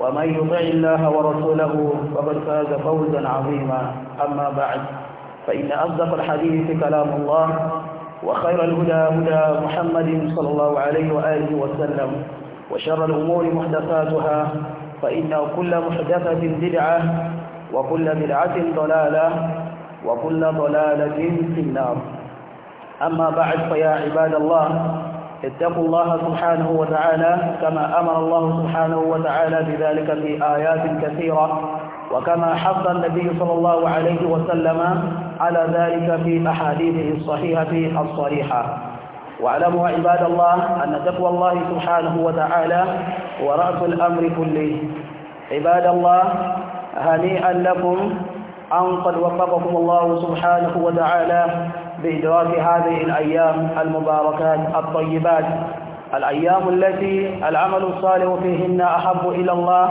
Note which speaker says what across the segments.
Speaker 1: ومن يطع الله ورسوله فقد فاز فوزا عظيما أما بعد فإن أصدق الحديث كلام الله وخير الهدى هدى محمد صلى الله عليه وآله وسلم وشر الأمور محدثاتها فإن كل محدثة بدعة وكل بدعة ضلالة وكل ضلالة في النار أما بعد فيا عباد الله اتقوا الله سبحانه وتعالى كما أمر الله سبحانه وتعالى بذلك في آيات كثيرة وكما حث النبي صلى الله عليه وسلم على ذلك في أحاديثه الصحيحة الصريحة واعلموا عباد الله أن تقوى الله سبحانه وتعالى هو رأس الأمر كله عباد الله هنيئا لكم أن قد وفقكم الله سبحانه وتعالى بإدراك هذه الأيام المباركات الطيبات الأيام التي العمل الصالح فيهن أحب إلى الله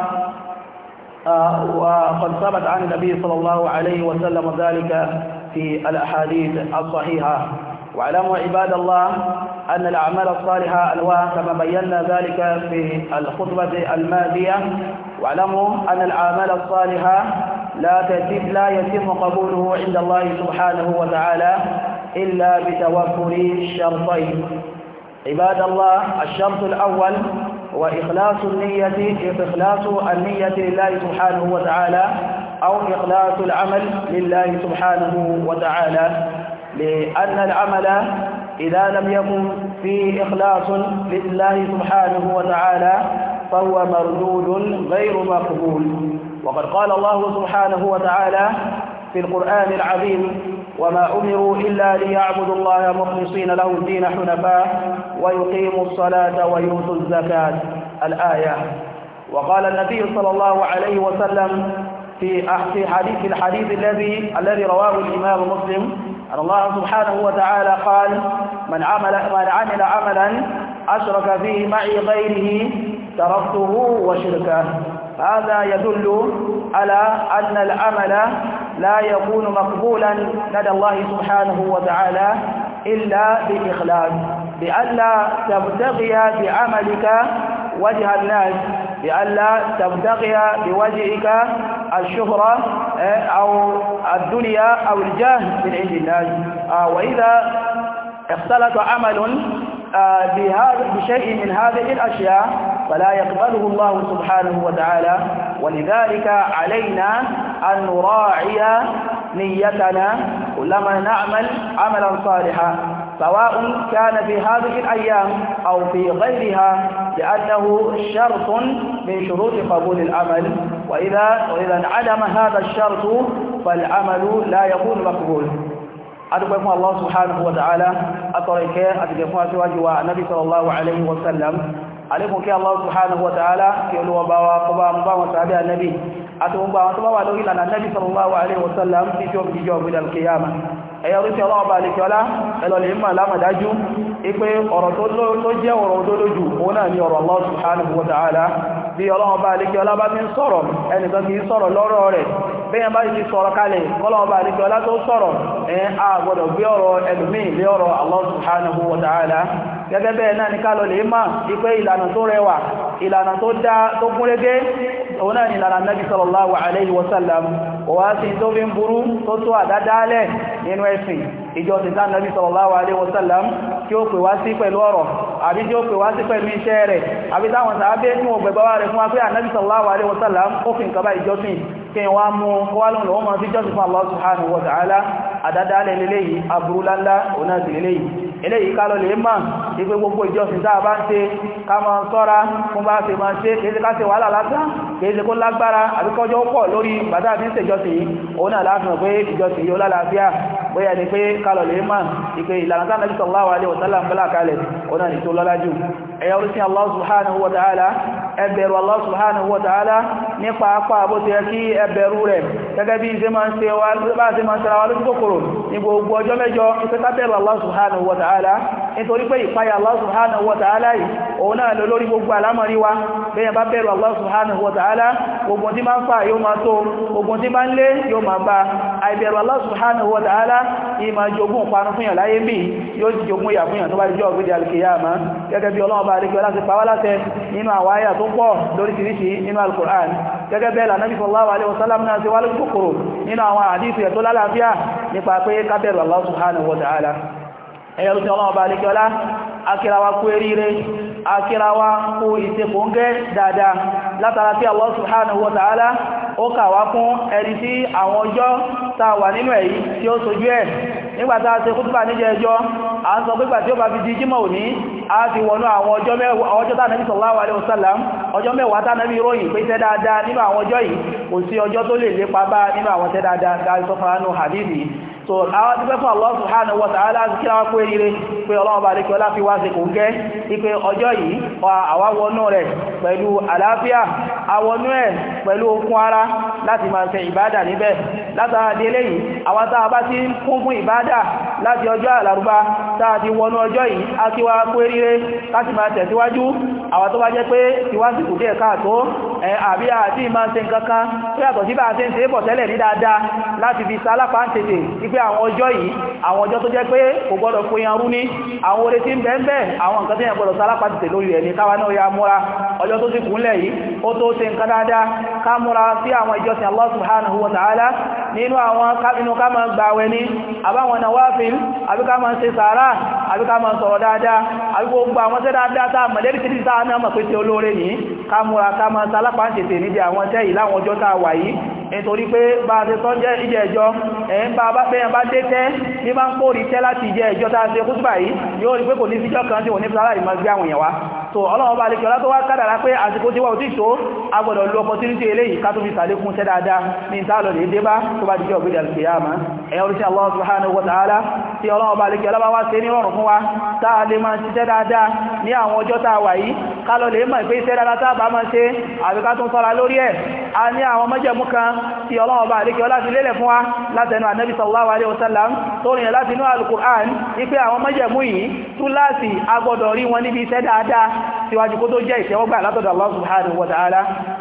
Speaker 1: آه، وقد ثبت عن النبي صلى الله عليه وسلم ذلك في الأحاديث الصحيحة واعلموا عباد الله أن الأعمال الصالحة أنواع كما بينا ذلك في الخطبة الماضية واعلموا أن الأعمال الصالحة لا تتم لا يتم قبوله عند الله سبحانه وتعالى إلا بتوفر شرطين عباد الله الشرط الأول هو إخلاص النية إخلاص النية لله سبحانه وتعالى أو إخلاص العمل لله سبحانه وتعالى لأن العمل إذا لم يكن فيه إخلاص لله سبحانه وتعالى فهو مردود غير مقبول وقد قال الله سبحانه وتعالى في القرآن العظيم وما أمروا إلا ليعبدوا الله مخلصين له الدين حنفاء ويقيموا الصلاة ويؤتوا الزكاة الآية وقال النبي صلى الله عليه وسلم في حديث الحديث الذي الذي رواه الإمام مسلم أن الله سبحانه وتعالى قال من عمل من عمل عملا أشرك فيه معي غيره تركته وشركه هذا يدل على أن العمل لا يكون مقبولا لدى الله سبحانه وتعالى إلا بإخلاص بألا تبتغي بعملك وجه الناس بألا تبتغي بوجهك الشهرة آه، أو الدنيا أو الجاه من عند الناس آه، وإذا اختلط عمل آه، بشيء من هذه الأشياء فلا يقبله الله سبحانه وتعالى ولذلك علينا أن نراعي نيتنا كلما نعمل عملا صالحا سواء كان في هذه الأيام أو في غيرها لأنه شرط من شروط قبول العمل وإذا وإذا انعدم هذا الشرط فالعمل لا يكون مقبول أدبكم الله سبحانه وتعالى أطريك أدبكم أسواجه النبي صلى الله عليه وسلم عليكم كي الله سبحانه وتعالى كي أنه وباوى قبام قبام النبي àti gbogbo àwọn tó bá wà lórí ìlànà nẹ́bí sallallahu alaihi wasallam tí tí ó fi jíjọ ògbìdà kìyàmà ẹ̀yà orí tí ọlọ́wọ́ bá lèkì ọlá ẹlọ́lẹ̀ ìmọ̀ lámàdájú ipé ọ̀rọ̀ tó jẹ́ ọ̀rọ̀ òdodo jù òun gẹ́gẹ́ bẹ́ẹ̀ náà ni ká lè máa ipé ìlànà tó rẹwà ìlànà tó dá tó gúnrégé òun náà ni lára nabi sallallahu alaihi wasallam wà sí tó fi ń burú tó tó àdádálẹ̀ nínú ẹ̀sìn ìjọ ti sáà nabi sallallahu alaihi wasallam kí ó pè wá sí pẹ̀lú ọ̀rọ̀ àbí tí ó pè wá sí pẹ̀lú iṣẹ́ rẹ̀ àbí táwọn sàábé tí wọ́n gbẹ̀gbẹ̀wà rẹ̀ fún wa pé ànábì sallallahu alaihi wasallam ó fi nǹkan bá ìjọsìn kí wọ́n eléyìí ká lọ lè mọ̀ ipé gbogbo ìjọsìn tá a bá ń ṣe ká máa ṣọ́ra fún bá ṣe máa ṣe kéèṣe ká ṣe wàhálà lásán kéèṣe kó lágbára àbí kọjọ́ pọ̀ lórí bàtà àti ìṣe ìjọsìn yìí òun náà láti mọ̀ pé ìjọsìn yóò lálàáfíà bóyá ni pé ká lọ lè mọ̀ ipé ìlànà tá Nabi ẹbẹ̀rù Allah subhanahu wa ta'ala nípa apá bó ti ẹkí ẹbẹ̀rù rẹ̀ gẹ́gẹ́ bí ṣe máa ń ṣe wá lójú kòkòrò ní gbogbo ọjọ́ mẹ́jọ ìpẹ́kábẹ̀rù Allah subhanahu wa nítorí pé ìpáyà Allah subhanahu wa ta'ala yìí òun náà lọ lórí gbogbo àlámọ̀rí wa bẹ́yàn bá bẹ̀rù Allah subhanahu wa ta'ala gbogbo tí máa ń fà yóò máa tó gbogbo tí máa ń lé yóò máa bá àìbẹ̀rù Allah subhanahu wa ta'ala ìmà jogún panu fún yàn láyé bí yóò ti jogún fún yàn tó bá jọ ògbé ẹ̀yẹ̀rù tí ọlọ́ọ̀bá alékiọlá akírawa kú eríire akírawa kú ìsẹ̀kùngẹ́ dáadáa látara tí Allah subhanahu wa ta'ala ó kà fún ẹni tí àwọn ọjọ́ tá nínú èyí tí ó sojú ẹ̀ nígbàtà ṣe kútùbà níjẹ ẹjọ́ a ń sọ pípà tí ó bá fi di jímọ̀ òní a ti wọnú àwọn ọjọ́ tánàbí sallallahu alaihi wasallam ọjọ́ mẹ́wàá tánàbí ròyìn pé tẹ́ dáadáa nínú àwọn ọjọ́ yìí kò sí ọjọ́ tó lè lépa bá nínú àwọn tẹ́ dáadáa so a láti máa ṣe ìbádà níbẹ̀ látara délé yìí àwọn tá a bá ti ń kún fún ìbádà láti ọjọ́ àlàrúbá tààdí wọnú ọjọ́ yìí a kí wá pé ríre láti máa tẹ̀síwájú àwọn tó bá jẹ́ pé ìwásìkò díẹ̀ káàtó àbí àti ìmá ṣe nǹkankan tó yàtọ̀ sí bá ṣe ń ṣe bọ̀ tẹ́lẹ̀ ní dáadáa láti fi sálápá ń tètè wípé àwọn ọjọ́ yìí àwọn ọjọ́ tó jẹ́ pé kò gbọ́dọ̀ fòyàn rú ní àwọn orí tí ń bẹ́ẹ̀ àwọn nǹkan tí yẹn gbọ́dọ̀ sálápá tètè lórí ẹ̀ ní káwa náà ya múra ọjọ́ tó sì kúnlẹ̀ yìí ó tó ṣe nǹkan dáadáa ká múra sí àwọn ìjọsìn Allah subhanahu wa ta'ala nínú àwọn inú ká máa gbàwẹ̀ ní àbáwọn nawafil àbí ká máa ṣe sàárà àbí ká máa sọ̀rọ̀ dáadáa àbí gbogbo àwọn tẹ́ dáadáa tá mọ̀lẹ́rí títí tá náà mọ̀ pé tí olóore yìí ká múra ká máa sálápá tètè níbi àwọn tẹ́ yìí láwọn ọjọ́ tá wà yìí nítorí pé bá a ṣe tọ́ jẹ́ ìjẹ́ ẹjọ́ ẹ̀yìn bá bá bẹ́yàn bá dé tẹ́ ní bá ń kóòrí tẹ́ láti ìjẹ́ ẹjọ́ tá ṣe kútùbà yìí yóò rí pé kò ní síjọ́ kan tí wọ́n ní fi aláìmọ́ gbé àwọn èèyàn wá so ọlọ́run bá lè kí ọlá tó wá kádàrá pé àsìkò tí wọ́n ò tí tó a gbọ́dọ̀ lo opportunity eléyìí ká tó fi sàlékún tẹ́ dáadáa ní ìtàlọ́lẹ̀ tó bá dìjọ́ ògbèdè alkiyama ẹ̀yà oríṣẹ́ Allah subhanahu wa ta'ala tí ọlọ́wọ́ bá lèkẹ́ ọlọ́wọ́ wá sí ní rọrùn fún wa táà lè máa ṣiṣẹ́ dáadáa ní àwọn ọjọ́ tàà wà yìí kálọ̀ lè mọ̀ ìpé iṣẹ́ dáadáa tàà bá máa ṣe àbíká tún sọ́ra lórí ẹ̀ a ní àwọn mọ́jẹ̀mú kan tí ọlọ́wọ́ bá lèkẹ́ ọlá fi lélẹ̀ fún wa látẹnu ànábì sallallahu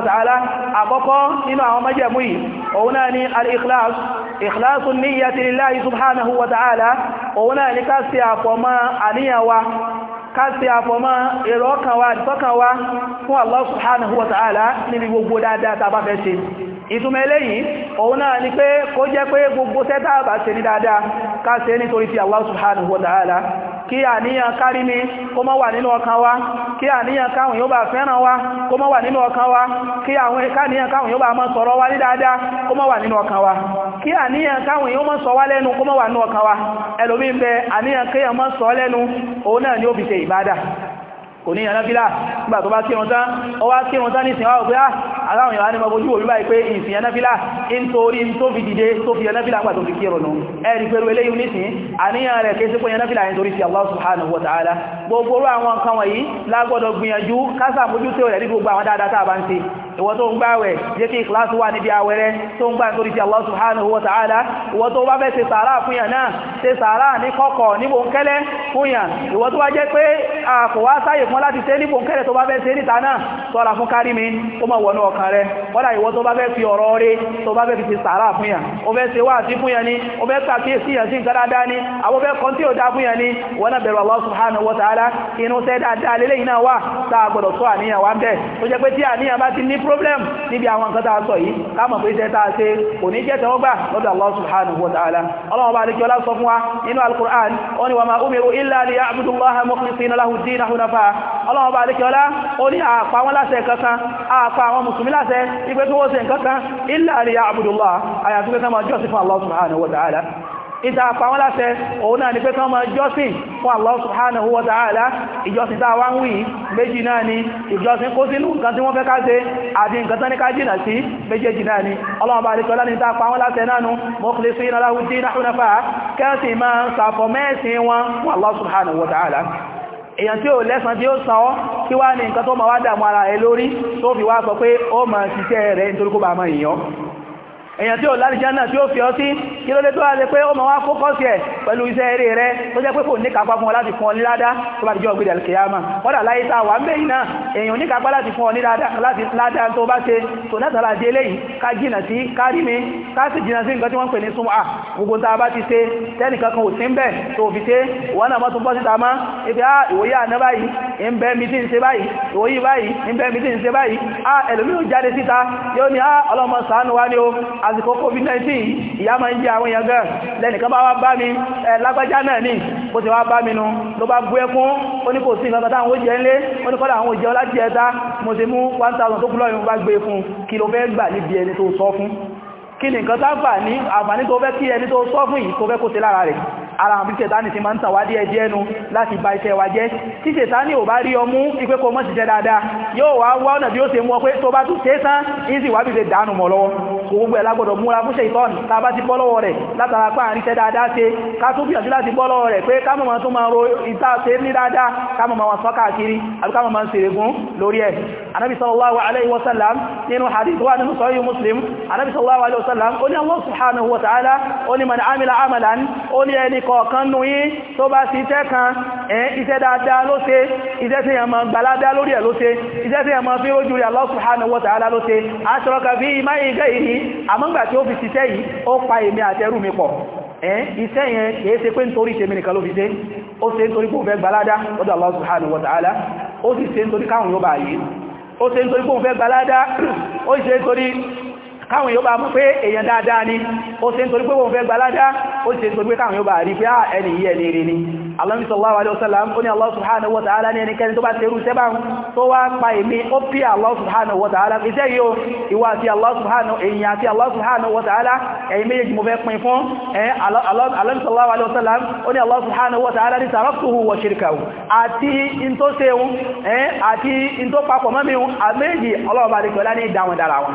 Speaker 1: wa ta'ala àkọ́kọ́ nínú àwọn májẹ̀mú yìí òun náà ni al-ikhlas ikhlasun niyyati lillahi subhanahu wa ta'ala òun náà ni ká sí àfọ̀mọ́ àníyàn wa káàsì àfọ̀mọ́ èrò ọkàn wa àdìsọ́kàn wa fún Allah subhanahu wa ta'ala níbi gbogbo dáadáa tàbá fẹ́ ṣe ìtumọ̀ eléyìí òun náà ni pé kó jẹ́ pé gbogbo tẹ́tàbà ṣe ní dáadáa káàsì nítorí ti Allah subhanahu wa ta'ala kí àníyàn kárí ni kó má wà nínú ọkàn wa kí àníyàn káwọn yóò bá fẹ́ràn wa kó má wà nínú ọkàn wa kí àníyàn káwọn yóò bá mọ́ sọ̀rọ̀ wa ní dáadáa kó má wà nínú ọkàn wa kí àníyàn káwọn yóò mọ́ sọ wá lẹ́nu kó má wà nínú ọkàn wa ẹlòmí bẹ àníyàn kéèyàn mọ́ sọ lẹ́nu òun náà ni ó fi ìbádà kò ní ìyànáfílà nígbà tó bá kírun tán ó wá kírun tán nísìn wá òpé ah, aláwọn èèyàn ánimọ̀ ojú òwúrú báyìí pé ìsìn ìyànáfílà in torí tó fi dìde tó fi ìyànáfílà nígbà tó fi kírun nù ẹ̀rí pẹ̀lú eléyìí nísìn Allah subhanahu wa ta'ala gbogbo àwọn nǹkan wọ̀nyí lágbọ́dọ̀ gbìyànjú kásà mójútó rẹ̀ ní gbogbo àwọn ìwọ tó ń gbààwẹ̀ jẹ́ kí ìkìláàsì wà níbi àwẹ̀ rẹ tó ń gbà nítorí ti Allah subhanahu wa ta'ala ìwọ tó bá fẹ́ ṣe sàárà fún yàn náà ṣe sàárà ní kọ̀kọ̀ ní bòńkẹ́lẹ́ fún yàn ìwọ tó wá jẹ́ pé kò wá sáyè fún láti ṣe ní bòńkẹ́lẹ́ tó bá fẹ́ ṣe níta náà sọ́ra fún kárí mi ó mọ̀ wọnú ọkàn rẹ kọ́dà ìwọ tó bá fẹ́ fi ọ̀rọ̀ rẹ tó bá fẹ́ fi ṣe náà bẹ̀rù problem níbi àwọn nǹkan tá a sọ yìí ká mọ̀ pé iṣẹ́ tá a ṣe kò ní jẹ́ tẹ́wọ́gbà lọ́dọ̀ Allah subhanahu wa ta'ala ọlọ́run bá alikiola sọ fún wa nínú al-Qur'an ó ní wa ma umiru illa liya'budu Allaha mukhlisina lahu ad-dina hunafa ọlọ́run bá alikiola ó ní àpá wọn láṣẹ kankan àpá àwọn mùsùlùmí láṣẹ ìgbé ìta àpàwọn láṣẹ òun náà ni pé kán máa jọ́sìn fún Allah subhanahu wa ta'ala ìjọsìn tàà wá ń wí méjì náà ni ìjọsìn kó sínú nǹkan tí wọ́n fẹ́ ká ṣe àti nǹkan tán ní ká jìnà sí méjèèjì náà ni ọlọ́run bá àdìsọ́lá ní tàà pàwọn láṣẹ náà nu mukhlisina lahu ad-din hunafa kẹ́sì máa ń sàfọ̀ mẹ́sìn Allah subhanahu wa ta'ala èyàn tí ó lẹ́sàn tí ó sàn kí wá ní nǹkan tó ma wá dàmú ara ẹ lórí tó fi wá sọ pé ó ma ṣiṣẹ́ rẹ̀ nítorí kó bá mọ èèyàn èyàn tí ó lálìjá náà tí ó fi ọ sí kí ló lé tó wáyé pé ó ma wá fókọ́sì ẹ̀ pẹ̀lú iṣẹ́ eré rẹ tó jẹ́ pé kò níkàpá fún ọ láti fún ọ ní ládá tó bá dijọ́ ògbèdè àlùkìyàmà kọ́dà láyé tá a wà ń bẹ́yìn náà èyàn níkàpá láti fún ọ ní ládá tó bá ṣe tó nátàlá di eléyìí ká jìnà sí ká rí mi ká sì jìnà sí nǹkan tí wọ́n a bá ti ṣe tẹ́nìkan kan ò àsìkò covid-19 ìyá máa ń jẹ àwọn èèyàn gan lẹ́nìkan bá wá bá mi lágbájá náà ní bó ti wá bá mi nu ló bá bú ẹkún ó ní kò sí nǹkan táwọn oúnjẹ ńlé ó ní kọ́dà àwọn òjẹun láti ẹ̀ta mo ti mú 1000 tó kú lọ́yìn bá gbé e fún kí ló fẹ́ gbà níbi ẹni tó sọ fún kí ni nǹkan táǹfà ní àǹfààní tó fẹ́ kí ẹni tó sọ fún yìí tó fẹ́ kó ṣe lára rẹ̀ ara àwọn bíṣẹ̀ tání ti máa ń tàn wá díẹ̀ díẹ̀ nu láti bà iṣẹ́ wa jẹ́ tí ṣètánì ò bá rí ọmú ipé kó mọ́ ṣiṣẹ́ dáadáa yóò wá wá ọ̀nà bí ó ṣe mú ọ pé tó bá tún ṣe tán ìsì wá bí ṣe dànù mọ́ lọ́wọ́ gbogbo ẹ̀ lágbọ́dọ̀ múra fún ṣètọ́nì tá a bá ti bọ́ lọ́wọ́ rẹ̀ látara pa àrí iṣẹ́ dáadáa ṣe ká tún gbìyànjú láti bọ́ lọ́wọ́ rẹ̀ pé ká mọ̀ tún máa ro ìta ṣe ní dáadáa ká mọ̀ máa sọ káàkiri àbí ká mọ̀ máa ń ṣèrègún lórí ẹ̀ anábì sallallahu alaihi wasallam nínú hadith wa nínú sahih muslim anábì sallallahu alaihi wasallam ó ní Allah subhanahu wa ta'ala ó man amila amalan ó ní kọ̀ọ̀kan nú yí tó bá sí iṣẹ́ kan ẹ̀ iṣẹ́ dáadáa ló ṣe iṣẹ́ tí yàn máa gbàládá lórí ẹ̀ ló ṣe iṣẹ́ tí yàn máa fi rójú rí Allah subhanahu wa ta'ala ló ṣe aṣọ́rọ̀kà fi ìmá ìgẹ́ ìhì àmọ́gbà tí ó fi ṣiṣẹ́ yìí ó pa èmi àtẹrù mi pọ̀ ẹ̀ iṣẹ́ yẹn kìí ṣe pé nítorí tèmi nìkan ló fi ṣe ó ṣe nítorí pé ó fẹ́ gbàládá káwọn yóò bá mú pé èèyàn dáadáa ni ó ṣe ń torí pé wọ́n fẹ́ gbalada ó ṣe ń torí pé káwọn yóò bá rí pé à ah, ẹni yìí ẹni rí ni Ànábì sallallahu alaihi wasallam ó ní Allah subhanahu wa ta'ala ní ẹnikẹ́ni tó bá ṣerú sẹ́bà tó wá pa èmi ó pí Allah subhanahu wa ta'ala iṣẹ́ yìí ó ìwà àti Allah subhanahu èèyàn àti Allah subhanahu wa ta'ala ẹ̀yin méjèèjì mo fẹ́ pin fún ẹ̀ Ànábì sallallahu alaihi wasallam ó ní Allah subhanahu wa ta'ala ní taraktuhu wa shirkahu àti in tó ṣe ẹ̀ àti in tó papọ̀ mọ́ mi àméjì ọlọ́ọ̀bá àdìgbọ́lá ní ìdáwọn dára wọn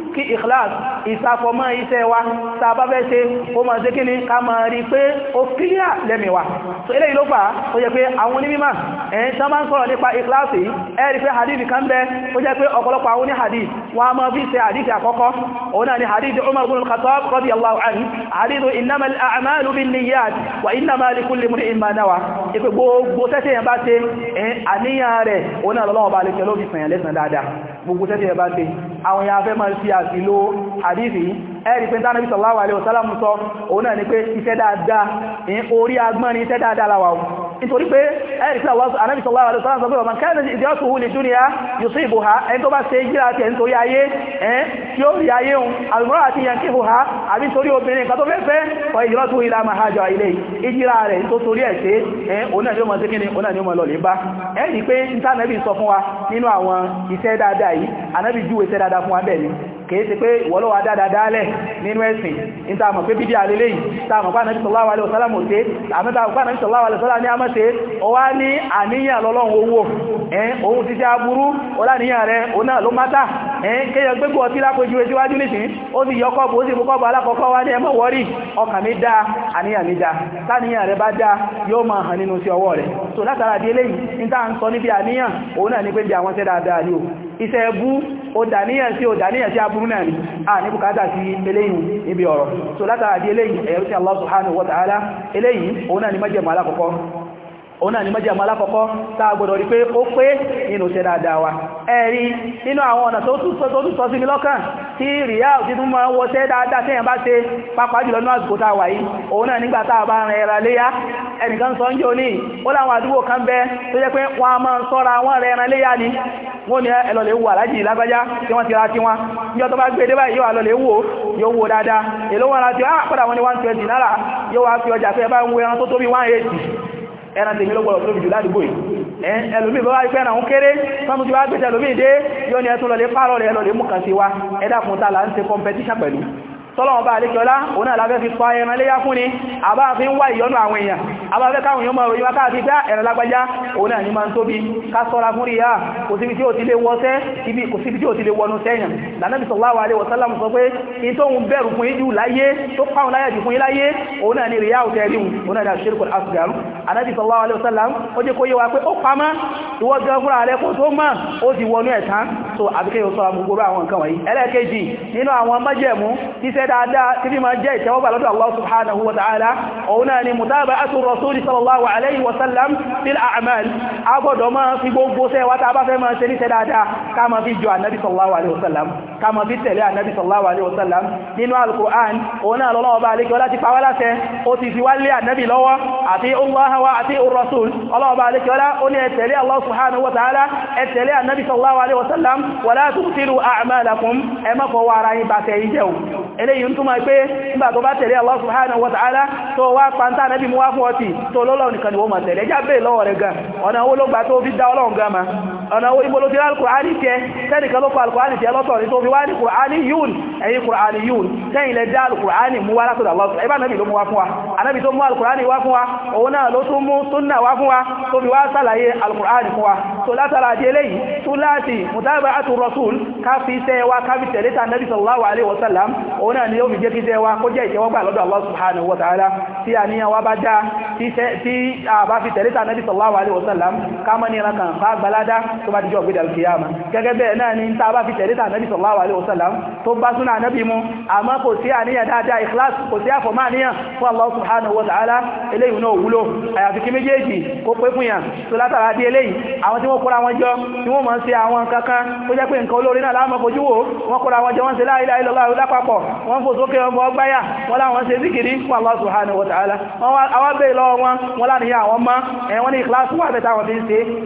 Speaker 1: kí ikhlas ìsàfọ̀mọ́ iṣẹ́ wa tàbá fẹ́ ṣe ó máa ṣe kí ni ká máa rí pé ó kíyà lẹ́mìwà so eléyìí ló fà ó yẹ pé àwọn onímọ̀ ẹ̀yìn tán bá ń sọ̀rọ̀ nípa ikhlas yìí ẹ rí pé hadith kan bẹ ó jẹ́ pé ọ̀pọ̀lọpọ̀ àwọn oní hadith wọn a máa fi ṣe hadith àkọ́kọ́ òun náà ni hadith Umar ibn gbogbo tẹ́tẹ̀ ẹ̀bá ṣe àwọn ya fẹ́ máa ń fi àti lo àdífì ẹ̀rì pé tánàbí sallallahu alaihi wasallam sọ òun náà ni pé iṣẹ́ dáadáa orí agbọ́n ni iṣẹ́ dáadáa láwàá nítorí pé ẹ̀rì sí àwọn anábì sallallahu alaihi wasallam sọ pé ọmọ kẹ́rin ìdí ọ̀tún wù ní dúnìá yusibuha ẹni tó bá ṣe jíra tiẹ̀ nítorí ayé ẹ̀ tí ó rí ayé òun àlùmọ́rọ̀ àti yankí buha àbí torí obìnrin kan tó fẹ́ fẹ́ ọ ìjírọ́ tó ilá máa hajọ ilé ìjíra rẹ̀ tó torí ẹ̀ ṣe ẹ̀ òun náà ni ó mọ̀ sí kíni wa nínú àwọn iṣẹ́ dáadáa yìí anábì júwe iṣẹ́ dáadáa fún wa bẹ́ẹ̀ ni kìí ṣe pé nínú ẹ̀sìn níta mọ̀ pé bídí àlélé yìí ta mọ̀ pàánà sallallahu alaihi wasallam òté àmẹ́ta pàánà sallallahu alaihi wasallam ní a mọ́sẹ̀ ó wá ní àníyàn lọ́lọ́run owó ẹn òun ti jẹ́ aburú ọláníyàn rẹ̀ òun náà ló mátà ẹn kéyàn gbégbó ọtí lápójú síwájú nìsín ó sì yọ kọ́ọ̀bù ó sì mú kọ́ọ̀bù alákọ̀ọ́kọ́ wá ní ẹmọ́ wọ́rí ọkàn mi dáa àníyàn mi dáa táníyàn rẹ̀ bá dáa yóò máa hàn ni o iṣẹ́ ẹbú ó dàníyàn sí ó dàníyàn sí aburú náà ni a ní bùkátà sí eléyìí eléyìí níbi ọ̀rọ̀ so látara di eléyìí ẹ̀rọ sí Allah subhanahu wa òun náà ni májẹ̀mú alákọ̀ọ́kọ́ òun náà ni mọ́jẹ̀ mọ́ alákọ̀ọ́kọ́ táa gbọ́dọ̀ rí pé ó pé nínú ṣe dáadáa wa ẹ̀rí nínú àwọn ọ̀nà tó tún sọ sí mi lọ́kàn tí ríyá òtí tún máa wọ́ ṣẹ́ dáadáa tẹ́yàn bá ṣe pàápàá jùlọ nínú àsìkò táa wà yìí òun náà nígbà táa bá rìn ẹran léyá ẹnìkan sọ a máa ń sọ́ra wọ́n rẹ ẹran léyá ni wọ́n ní ẹlọ́lẹ̀ wò alájì lágbájá tí wọ́n ti ra tiwọn ní ọjọ́ bá gbé dé báyìí yóò alọ́lẹ̀ wò yóò wò dáadáa èlò wọn ra ti á ah, padà wọn ní 120 náírà ẹran tèmi ló gbọ́dọ̀ tó bìjù ládùúgbò yìí ẹlòmí bọ́ wáyé pẹ́ran ń kéré sọ́mù tí wá gbẹ́sẹ̀ lòmí dé yóò ní ẹtún lọ lè pààrọ̀ rẹ̀ lọ lè mú kàn sí wa ẹ̀dàkùn là ń ṣe competition pẹ̀lú tọ́lọ̀wọ̀n bá àlékiọlá òun náà lábẹ́ fi pa ẹran léyá fún ni àbá fi ń wá ìyọnú àwọn èèyàn àbá fẹ́ káwọn èèyàn mọ̀rọ̀ yíwá káàkiri pé ah, ẹ̀rẹ̀ lágbájá òun náà ní ma ń tóbi ká sọ́ra fún rí yáà ah, kò síbi tí ó ti lè wọ́sẹ́ kò síbi tí ó ti lè wọnú sẹ́yìn lànàbì sallallahu alaihi wasallam sọ pé ni rí yáà tẹ́rí òun ni shirkul asghar ànàbì sallallahu alaihi wasallam ó jẹ́ kó yé wa pé ó pamá ìwọ́ gan fúnra rẹ̀ kó tó mọ̀ ó ti wọnú ẹ̀tán so àbíkẹ́ yóò sọ́ra iṣẹ́ dáadáa tí bí máa jẹ́ ìtẹ́wọ́gbà lọ́dọ̀ Allah subhanahu wa ta'ala òun náà ni mutaba'atu rasuli sallallahu alaihi wasallam fil a'mal a gbọ́dọ̀ máa fi gbogbo ṣẹ́ wa ta bá fẹ́ máa ṣe níṣẹ́ dáadáa ká máa fi jọ annabi sallallahu alaihi wasallam ká máa fi tẹ̀lé annabi sallallahu alaihi wasallam nínú al-Qur'an òun náà lọ́lọ́wọ́ bá alékẹ́ láti pa wá láṣẹ ó ti fi wá lé annabi lọ́wọ́ àti Allah wa àti rasul ọlọ́wọ́ bá alékẹ́ ọlá ó ní ẹ Allah subhanahu wa ta'ala ẹ annabi sallallahu alaihi wasallam wala tubtilu a'malakum ẹ mọ́kọ̀ wa ara yín bá tẹ̀ jẹ́ eléyìí ń túnmọ̀ pé nígbà tó bá tẹ̀lé Allah subhanahu wa ta'ala tó wá pàntà nẹ́bí mú wá fún ọtí tó lọ́lọ́ nìkan ni wọ́n mọ̀ tẹ̀lé jábẹ́ lọ́wọ́ rẹ̀ gan ọ̀nà owó ló gbà tó fi dá ọlọ́run gan ma ọ̀nà ìbòlò ti rán kùránì tẹ tẹ́nìkan ló pa alkùránì tẹ lọ́tọ̀ ní tó fi wá ní kùránì yún ẹ̀yìn kùránì yún tẹ́yìn lẹ dá alkùránì mú wá látọ̀dọ̀ lọ́tọ̀ ẹbá nàbì ló mú wá fún wa anábì tó mú alkùránì wá fún wa òun náà ló tún mú súnà wá fún wa tó fi wá sàlàyé alkùránì fún wa tó látara di eléyìí tún láti mùtábà àtún rọ̀sùl ká fi iṣẹ́ wa ká fi tẹ̀lé mọ́ ní ẹran kan gbalada tó bá dijọ́ ògbé dàlùkìyàmà gẹ́gẹ́ bẹ́ẹ̀ náà ni tá bá fi tẹ̀lé tà nẹ́bí sallallahu alaihi wasallam tó bá súnà nẹ́bí mu àmọ́ kò sí àníyàn dáadáa ikhlas kò sí àfọ̀mọ́ àníyàn fún Allah subhanahu wa ta'ala eléyìí náà wúlò àyàfi kí méjèèjì kó pé fún yàn tó látara dé eléyìí àwọn tí wọ́n kóra wọn jọ tí wọ́n mọ̀ ń àwọn kankan tó jẹ́ pé nǹkan olórin náà láwọn fojú wò wọ́n kóra wọn jọ wọ́n ṣe la ilaha illallah lápapọ̀ wọ́n fò sókè wọn bọ́ gbáyà wọ́n láwọn ṣe zikiri fún Allah subhanahu wa ta'ala àwọn bẹ́ẹ̀ lọ́wọ́ wọn wọ́n láníyàn àwọn mọ́ ẹ̀wọ́n ní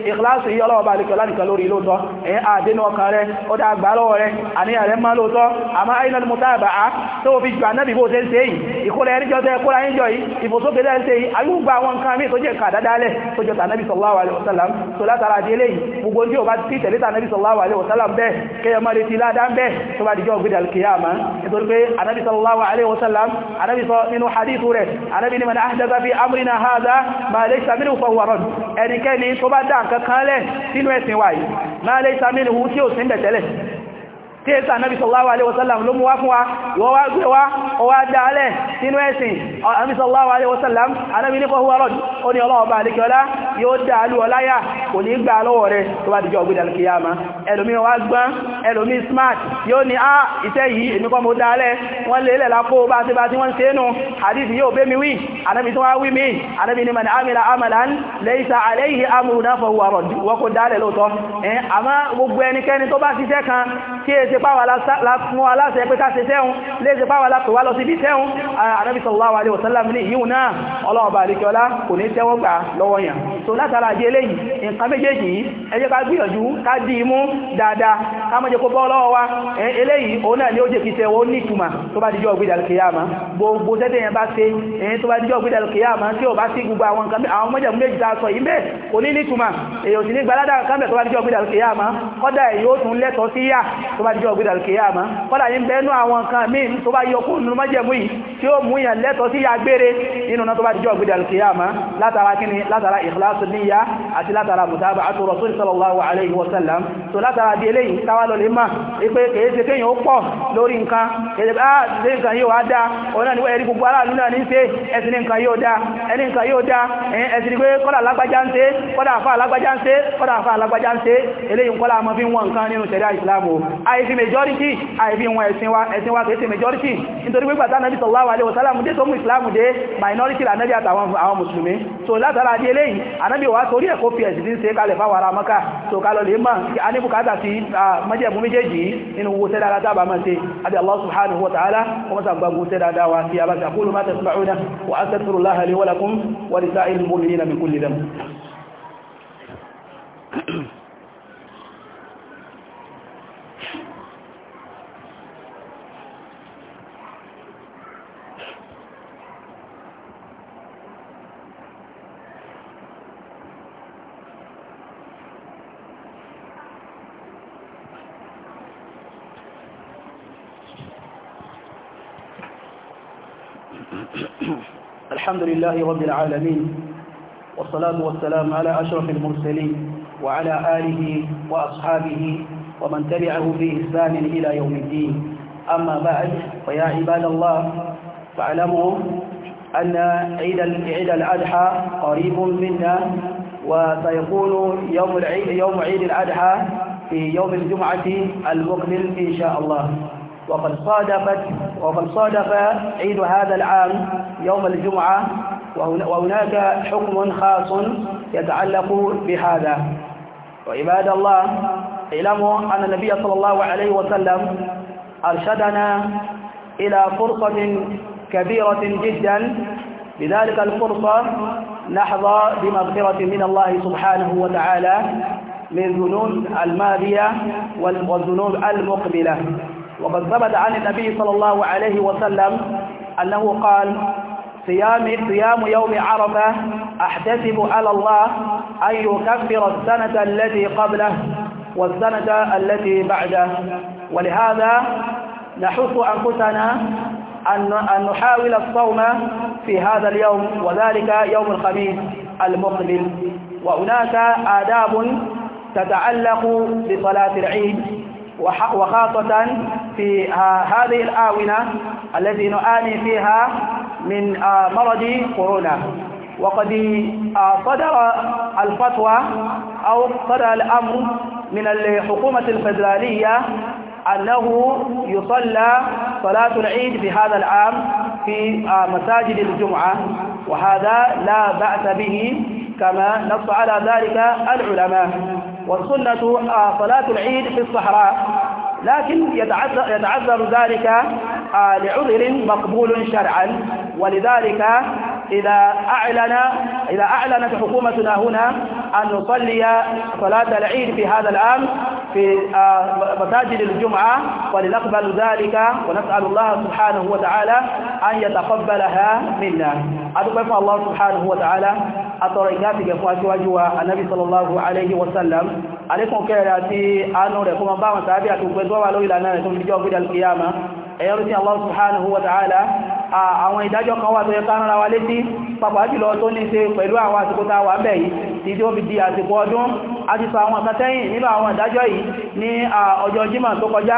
Speaker 1: ìkìláàsì nìkan lórí lóòtọ́ ẹ̀yẹn àdínú ọkàn rẹ̀ ó dá àgbà lọ́wọ́ rẹ̀ àníyàn rẹ̀ máa lóòtọ́ àmá àìlà ni mo tá àbà á tó o fi jù ànábì bó ṣe ń ṣe yìí ìkólẹ̀ ẹni jọ tó bá dá nǹkan kan lẹ̀ sínú ẹ̀sìn níwà yìí máa lè sàmínú tí ò sí ń bẹ̀ tẹ́lẹ̀ tí èsà anábi sallallahu alaihi wasallam ló mú wá fún wa wọ́n wá gbé wá ọwá dáálẹ̀ nínú ẹ̀sìn anábi sallallahu alaihi wasallam anábi ní kọhuwa rọ̀dù ó ní ọlọ́ọ̀bá alékiọlá yóò dáálù ọláyà kò ní gbà lọ́wọ́ rẹ̀ tó bá dìjọ ọgbẹ̀dà kìyàmá ẹlòmí wá gbọ́n ẹlòmí smart yóò ní á ah, iṣẹ́ yìí èmi kọ́ mo dáálẹ̀ wọ́n lè lẹ̀ lápò bá ti bá tí wọ́n ṣe nù hadith yóò bẹ́ mi wí anábi tó wá wí mi anábi ní man amila amalan laysa alayhi léèṣe páwà mú aláṣẹ pé ká ṣe sẹ́hun léèṣe páwà lápẹ̀ wá lọ sí ibi sẹ́hun Ànábì sallallahu alaihi wasallam ní ìyíhun náà ọlọ́ọ̀bà àríkẹ́ọlá kò ní tẹ́wọ́ gbà lọ́wọ́ yàn so látara jẹ́ eléyìí nǹkan méjèèjì yìí ẹ jẹ́ ká gbìyànjú ká dì í kama kó bọ́ lọ́wọ́ wa eléyìí òun náà ni ó jẹ́ kí tẹ́wọ́ nítumà tó bá dijọ́ ògbìdà kìyàmá gbogbo tẹ́tẹ́ yẹn bá ṣe èyí tó bá dijọ́ ògbìdà kìyàmá tí ó bá sí gbogbo àwọn nǹkan àwọn mọ́jẹ̀ méjì ta sọ ìbẹ̀ kò ní nítumà èyí ò sì ní gbaládà kámẹ́ tó bá dijọ́ ògbìdà kìyàmá kọ́dà èyí ó tún lẹ́tọ̀ọ́ sí yà tó bá dijọ́ ògbìdà kìyàmá kọ́dà yín bẹ́ẹ̀ nú àwọn nǹkan míì tó bá yọ kúrò nínú alaihi wasallam so látara di eléyìí lọ lè máa ipé kèése kéyàn ó pọ̀ lórí nǹkan kèése ah, nǹkan yóò wá dáa òun náà ni ẹ̀rí gbogbo aráàlú náà ní ṣe ẹ̀sìn ní nǹkan yóò dáa ẹni nǹkan yóò dáa ẹ̀sìn ní pé kọ́dà lágbájá ń ṣe kọ́dà àfà lágbájá ń ṣe kọ́dà àfà lágbájá ń ṣe eléyìí kọ́lá àmọ́ fi ń wọ́n nǹkan nínú ṣẹ̀dá ìsìlámù àìfi majority àìfi wọn ẹ̀sìn wa ẹ̀sìn wa kèése majority nítorí pé gbàtà nàbí sallallahu alaihi wasallam dé tó mú dé minority là nàbí àtàwọn àwọn mùsùlùmí so látara adé eléyìí ànábì wa torí ẹ̀kọ́ ps ti ń ṣe kalẹ̀ fáwọn ará mọ́kà so kalọ̀ lè mọ̀ a ní sí májẹ̀mú méjèèjì nínú owó tẹ́ dára tábà máa ṣe àti Allah subhanahu wa ta'ala kuma sa gbogbo tẹ́ dáadáa wa fi abasa kúlù máa tasma'una wa astaghfirullaha li wa lakum wa lisa'il mu'minina min الحمد لله رب العالمين والصلاة والسلام على أشرف المرسلين وعلى آله وأصحابه ومن تبعه بإحسان إلى يوم الدين أما بعد فيا عباد الله فاعلموا أن عيد عيد الأضحى قريب منا وسيكون يوم العيد يوم عيد الأضحى في يوم الجمعة المقبل إن شاء الله وقد صادفت وقد صادف عيد هذا العام يوم الجمعة وهناك حكم خاص يتعلق بهذا وعباد الله اعلموا أن النبي صلى الله عليه وسلم أرشدنا إلى فرصة كبيرة جدا بذلك الفرصة نحظى بمغفرة من الله سبحانه وتعالى من ذنوب الماضية والذنوب المقبلة وقد ثبت عن النبي صلى الله عليه وسلم أنه قال صيام صيام يوم عرفة أحتسب على الله أن يكفر السنة التي قبله والسنة التي بعده ولهذا نحث أنفسنا أن نحاول الصوم في هذا اليوم وذلك يوم الخميس المقبل وهناك آداب تتعلق بصلاة العيد وخاصة في هذه الآونة التي نعاني فيها من آه، مرض كورونا وقد آه، صدر الفتوى أو صدر الأمر من الحكومة الفدرالية أنه يصلى صلاة العيد في هذا العام في آه، مساجد الجمعة وهذا لا بأس به كما نص على ذلك العلماء والسنة صلاة العيد في الصحراء لكن يتعذر ذلك آه، لعذر مقبول شرعا ولذلك إذا أعلن إذا أعلنت حكومتنا هنا أن نصلي صلاة العيد في هذا العام في آه، مساجد الجمعة ولنقبل ذلك ونسأل الله سبحانه وتعالى أن يتقبلها منا أدوكم الله سبحانه وتعالى في جفوات وجوه النبي صلى الله عليه وسلم عليكم كيراتي أنه لكم أبا مسابيع تقبلوا ولو إلى أنه يتم إلى القيامة أيضا الله سبحانه وتعالى àwọn ìdájọ́ kan wà tó yẹ kánúra wa létí pàpàá jùlọ tó ní ṣe pẹ̀lú àwọn àsìkò tá wà bẹ̀ yìí tí tí ó fi di àsìkò ọdún àti sọ àwọn kàtẹ́yìn nínú àwọn ìdájọ́ yìí ní ọjọ́ Jímọ̀ tó kọjá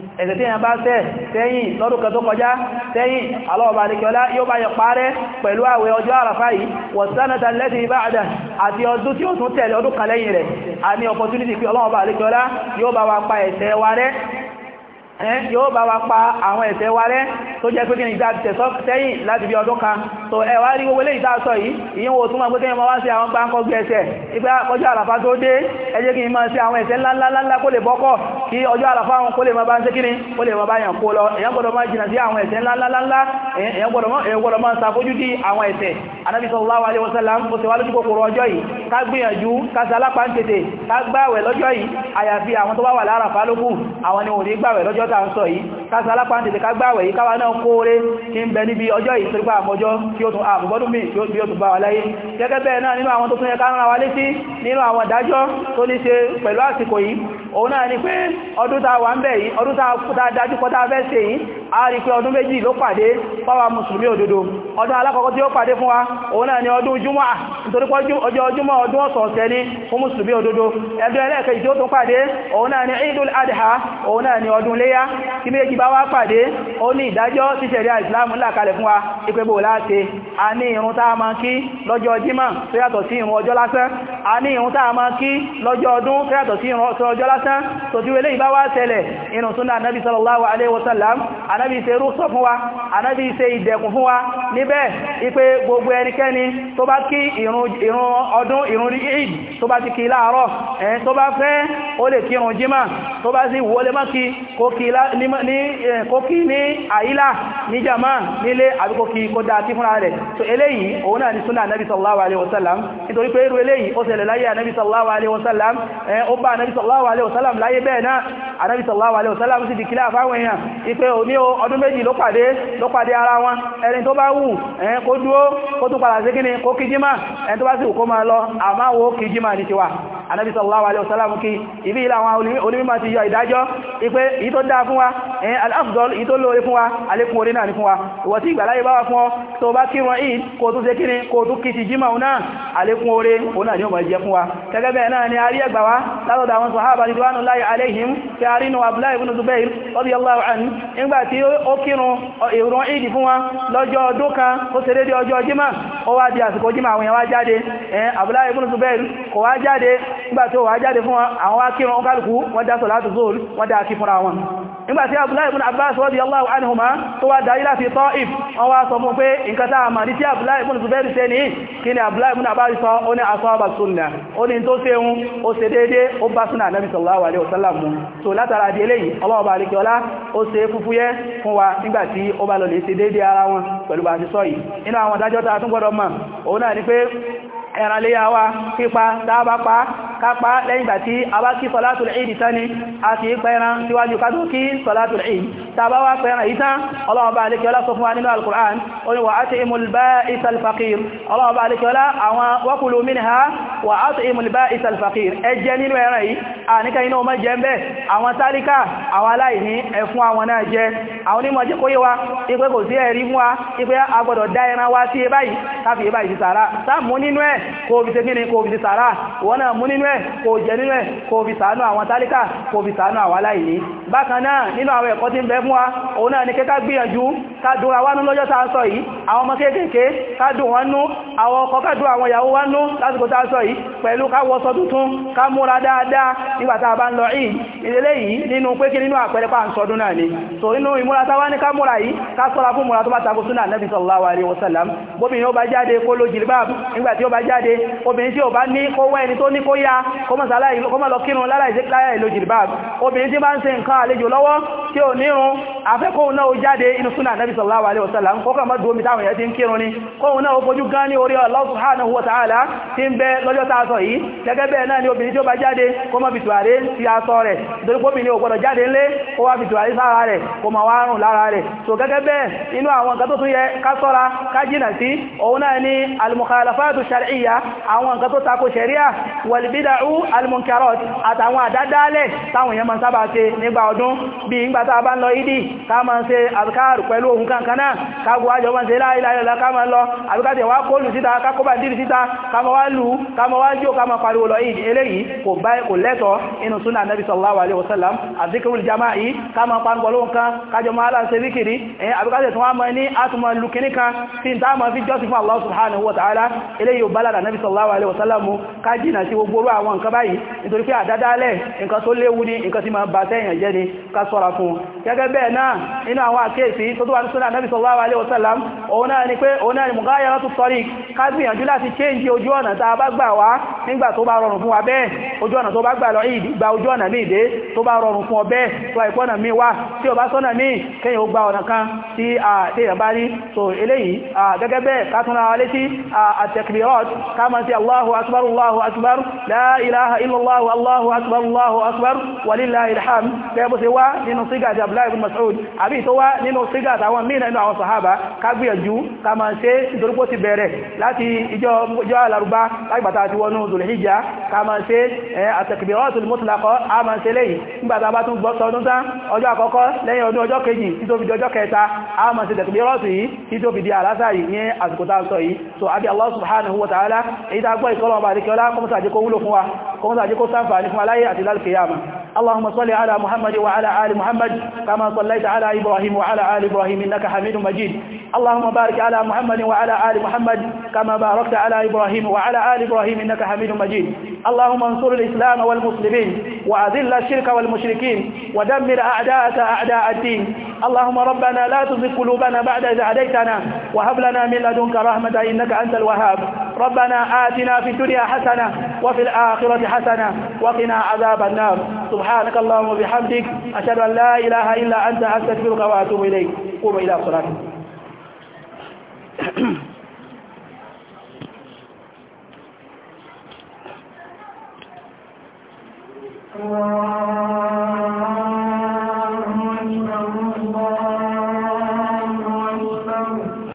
Speaker 1: ẹ̀ṣẹ̀ tí èyàn bá ṣẹ̀ sẹ́yìn lọ́dún kan tó kọjá sẹ́yìn alọ́ọ̀bà àdíkẹ́ọlá yóò bá yẹ parẹ́ pẹ̀lú àwẹ̀ ọjọ́ àràfá yìí wọ̀sánàtà lẹ́sìn ìbáàdà àti ọdún tí ó tún tẹ̀lé ọdún kan rẹ̀ opportunity pé ọlọ́ọ̀bà àdíkẹ́ọlá yóò bá yóò bá wa pa àwọn ẹ̀ṣẹ̀ wa rẹ́ tó jẹ́ pé kí ní ìdájí tẹ̀sọ́ sẹ́yìn láti bí ọdún kan tó ẹwà rí gbogbo lè ìdáṣọ́ yìí ìyẹn wo túnmọ̀ pé kí ma wá sí àwọn gbáǹkọ́ gbé ẹ̀ṣẹ̀ ipẹ́ ọjọ́ àlàfà tó dé ẹ jẹ́ kí n máa sí àwọn ẹ̀ṣẹ̀ ńláńláńlá kó lè bọ́kọ̀ kí ọjọ́ àlàfà àwọn kó lè máa bá ń sé kí ni kó lè máa bá yàn kó lọ èyàn gbọ́dọ̀ máa jìnà sí àwọn ẹ̀ṣẹ̀ ńláńláńlá èyàn gbọ́dọ̀ máa ṣàfojú di àwọn ẹ̀ṣẹ̀ anábì sallallahu alaihi wasallam kò sí wá lójú kòkòrò ọjọ́ yìí ká gbìyànjú ká sí alápá ń tètè ká gbààwẹ̀ lọ́jọ́ yìí àyàfi àwọn tó bá wà lára fálókù àwọn ni ò ní gbààwẹ̀ tá ń sọ yìí káṣà alápáńtì ká gbáwẹ̀ yìí káwà náà kóore tí ń bẹ níbi ọjọ́ yìí torípa àmọ́jọ́ kí ó tún àmúgbọ́dún mi tí ó bí ó tún bá wà láyé gẹ́gẹ́gẹ́ bẹ́ẹ̀ náà nínú àwọn tó tún yẹ rán wa létí nínú àwọn ìdájọ́ tó ní ṣe pẹ̀lú àsìkò wà ń bẹ̀ yìí ọdún dájú fẹ́ yìí a rí pé ọdún méjì ló pàdé fáwa mùsùlùmí òdodo ọdún alákọ̀ọ́kọ́ tí ó pàdé fún wa òun náà ni ọdún lágbájá tí méjì bá wá pàdé ó ní ìdájọ́ tí ṣẹ̀ríà ìsìláàmù là kalẹ̀ fún wa ìpébò láti a ní irun tá a máa kí lọ́jọ́ jímọ̀ tó yàtọ̀ sí irun ọjọ́ lásán a ní irun tá a máa kí lọ́jọ́ ọdún tó yàtọ̀ sí irun ọjọ́ lásán tó tí wẹ́lẹ́ ìbá wá ṣẹlẹ̀ inú súnà anábì sallallahu alaihi wasallam anábì ṣe rúsọ fún wa anábì ṣe ìdẹ̀kùn fún wa níbẹ̀ ipé gbogbo ẹnikẹ́ni tó bá kí irun ọdún irun eid tó bá ti kí láàárọ̀ ẹ̀yìn tó bá fẹ́ ó lè kírun jímọ̀ tó bá sì kí kó kí Eh, kókí ní àílà ní jama nílé àbí kókí kó dáa tí fúnra rẹ̀ so eléyìí òun náà ni súnà anábi sallallahu alaihi wasallam nítorí pé irú eléyìí ó ṣẹlẹ̀ láyé anábi sallallahu alaihi wasallam eh, ó bá anábi sallallahu alaihi wasallam láyé bẹ́ẹ̀ náà anábi sallallahu alaihi wasallam sì di kílá fáwọn èèyàn ipe òní ọdún méjì ló pàdé ló pàdé ara wọn ẹni tó bá wù eh, kó dúó kó anábì sallallahu alaihi wasallam kí ibi ìlà àwọn onímọ̀ ti yọ ìdájọ́ ipé èyí tó dáa fún wa e eh, afdal ìtò lóore fún wa alékún orí náà ní fún wa ìwọ̀ tí ìgbàláyé bá wà fún ọ tó bá kírun id kò tún ṣe kíni kò tún kìtì jímà náà alékún orí ni fún wa bẹ́ẹ̀ náà a rí ẹgbà wa látọ̀dọ̀ àwọn sọ̀hábà ní duwanu láyé aléhìm tí a rí nu abdullahi wa nígbàtí Abdullahi ibn Abbas radiyallahu anhuma tó wá dáyí láti Taif wọ́n wá sọ fún pé nǹkan tá a mà ní tí Abdullahi ibn Zubair ṣe ní kí ni Abdullahi ibn Abbas sọ ó ní asaba sunna ó ní tó ṣe hun ó ṣe déédé ó bá súnà Nabi sallallahu alaihi wasallam mu so látara di eléyìí Ọlọ́run bá alékẹ́ ẹ̀rànléyà wa pípa dábápa kápá lẹ́yìn ìgbà tí a bá kí sọlátù ìdí tání a ti pẹran síwájú ká tó kí sọlátù ìdí tàbá wá pẹran yìí tán ọlọ́ọ̀bá alẹ́kẹ́ọ́lá sọ fún wa nínú alkùnrán oníwà á ti imulbá ọlọ́ọ̀bá alẹ́kẹ́ọ́lá àwọn wọ́kùlù minha wà á ti imulbá ẹjẹ́ nínú ẹran yìí a níka iná ọmọ jẹ mbẹ́ àwọn tálíkà àwọn aláìní ẹ̀ kó o fi ṣe gíní kó o fi ṣe sàárà wọ́n náà mú nínú ẹ̀ kó o jẹ nínú ẹ̀ kó o fi ṣàánú àwọn tálíkà kó o fi ṣàánú àwọn aláìní bákan náà nínú àwọn ẹ̀kọ́ tí ń bẹ fún wa òun náà ni kẹ́kà gbìyànjú ká dùn àwọn anú lọ́jọ́ tá a sọ yìí àwọn ọmọ kéékèèké ká dùn wọn nú àwọn ọkọ ká dùn àwọn ìyàwó wa nú lásìkò tá a sọ yìí pẹ̀lú ká wọṣọ tuntun ká múra dáadáa nígbà tá a bá ń lọ yìí ìdílé yìí nínú pé kí nínú àpẹẹrẹ pa àǹsọdún náà ni so inú ìmúra táwa ní ká múra yìí ká sọ́ra fún múra tó bá tako súnà nẹ́bí sallallahu alaihi wasallam bóbi ni ó bá jáde kó ló jìlbáàbù nígbà tí ó jáde obìnrin tí ò bá ní kó wá ẹni tó ní kó yá kó mọ̀ lọ kírun láláìlójìlbáàbù obìnrin tí bá ń ṣe nǹkan àlejò lọ́wọ́ tí ò nírun afẹ́kóhun náà ó jáde inú súnà Nabi sallallahu alaihi wasallam kọ́kọ́ mọ́ dúómi táwọn èyàn ti ń kírun ní kóhun náà ó fojú gan ní orí Allah subhanahu wa ta'ala tí ń bẹ lọ́jọ́ tààtọ̀ yìí gẹ́gẹ́ bẹ́ẹ̀ náà ni obìnrin tí ó bá jáde kó má fi tùwàrí sí aṣọ rẹ̀ nítorí pómìnir ò gbọ́dọ̀ jáde ńlé kó wá fi tùwàrí sára rẹ̀ kó má nígbà tá a bá ń lọ ìdí ká máa ń ṣe àbíkáàrù pẹ̀lú ohun kankan náà kágbó àjọ máa ń ṣe láìláìlá ká máa lọ àbíkáàtì wá kóòlù síta kákóbà dìrì síta ká máa wá lù ká máa wá jó ká máa pariwo lọ ìdí eléyìí kò bá kò lẹ́tọ̀ inú súnà nabi sallallahu alaihi wasallam àdíkìrúlù jama yìí ká máa pa ń gbọ́lóhun kan kájọ máa láṣẹ zikiri ẹ̀yìn àbíkáàtì tí wọ́n Allah subhanahu wa ta'ala nabi sallallahu alaihi wasallam ká jìnà sí gbogbo orú àwọn nǹkan báyìí nítorí pé àdádálẹ̀ nǹkan tó léwu ni nǹkan tí máa fún gẹ́gẹ́ bẹ́ẹ̀ náà inú àwọn àkéèsí tó tó wà ní súnà Ànábì sallallahu alaihi wasallam òun náà ni pé òun náà ni mughayaratu tariq ká gbìyànjú láti change ojú ọ̀nà tá a bá gbà wá nígbà tó bá rọrùn fún wa bẹ́ẹ̀ ojú ọ̀nà tó bá gbà lọ ìgbà ojú ọ̀nà míì dé tó bá rọrùn fún ọ bẹ́ẹ̀ tó àìpọ̀ ọ̀nà míì wá tí o bá sọ́nà míì kéèyàn ó ọ̀nà kan tí àtẹ̀yàn bá rí so eléyìí gẹ́gẹ́ bẹ́ẹ̀ ká tún ra létí àtẹ̀kìrìọ́t ká máa sí Allahu akbar Allahu akbar la ilaha illallah Allahu akbar Allahu akbar walillahil bẹ́ẹ̀ bó ṣe wá nínú sí sígà ti Abdullahi ibn Mas'ud àbí tó wá nínú sígà àtàwọn míì nínú àwọn sàhábà ká gbìyànjú ká máa ṣe nítorí pé ó ti bẹ̀rẹ̀ láti ìjọ ìjọ alárúbá lágbàtà àti wọnú Dhul-Hijjah ká máa ṣe at-takbiratul mutlaqa á máa ṣe lẹ́yìn nígbàtà bá tún gbọ́sọ ọdún tán ọjọ́ àkọ́kọ́ lẹ́yìn ọdún ọjọ́ kejì tí so àbí Allah subhanahu wa ta'ala èyí tá a gbọ́ ìkọlọ̀ ọba àdìkọ́lá kọ́mọ́sà àjẹkọ́ wúlò fún wa kọ́mọ́sà àjẹkọ́ sáǹfà ní اللهم صل على محمد وعلى آل محمد كما صليت على إبراهيم وعلى آل إبراهيم إنك حميد مجيد اللهم بارك على محمد وعلى آل محمد كما باركت على إبراهيم وعلى آل إبراهيم إنك حميد مجيد اللهم انصر الإسلام والمسلمين وأذل الشرك والمشركين ودمر أعداءك أعداء الدين اللهم ربنا لا تزغ قلوبنا بعد إذ هديتنا وهب لنا من لدنك رحمة إنك أنت الوهاب ربنا آتنا في الدنيا حسنة وفي الآخرة حسنة وقنا عذاب النار سبحانك اللهم وبحمدك أشهد أن لا إله إلا أنت أستغفرك وأتوب إليك قوم إلى صلاتك Allah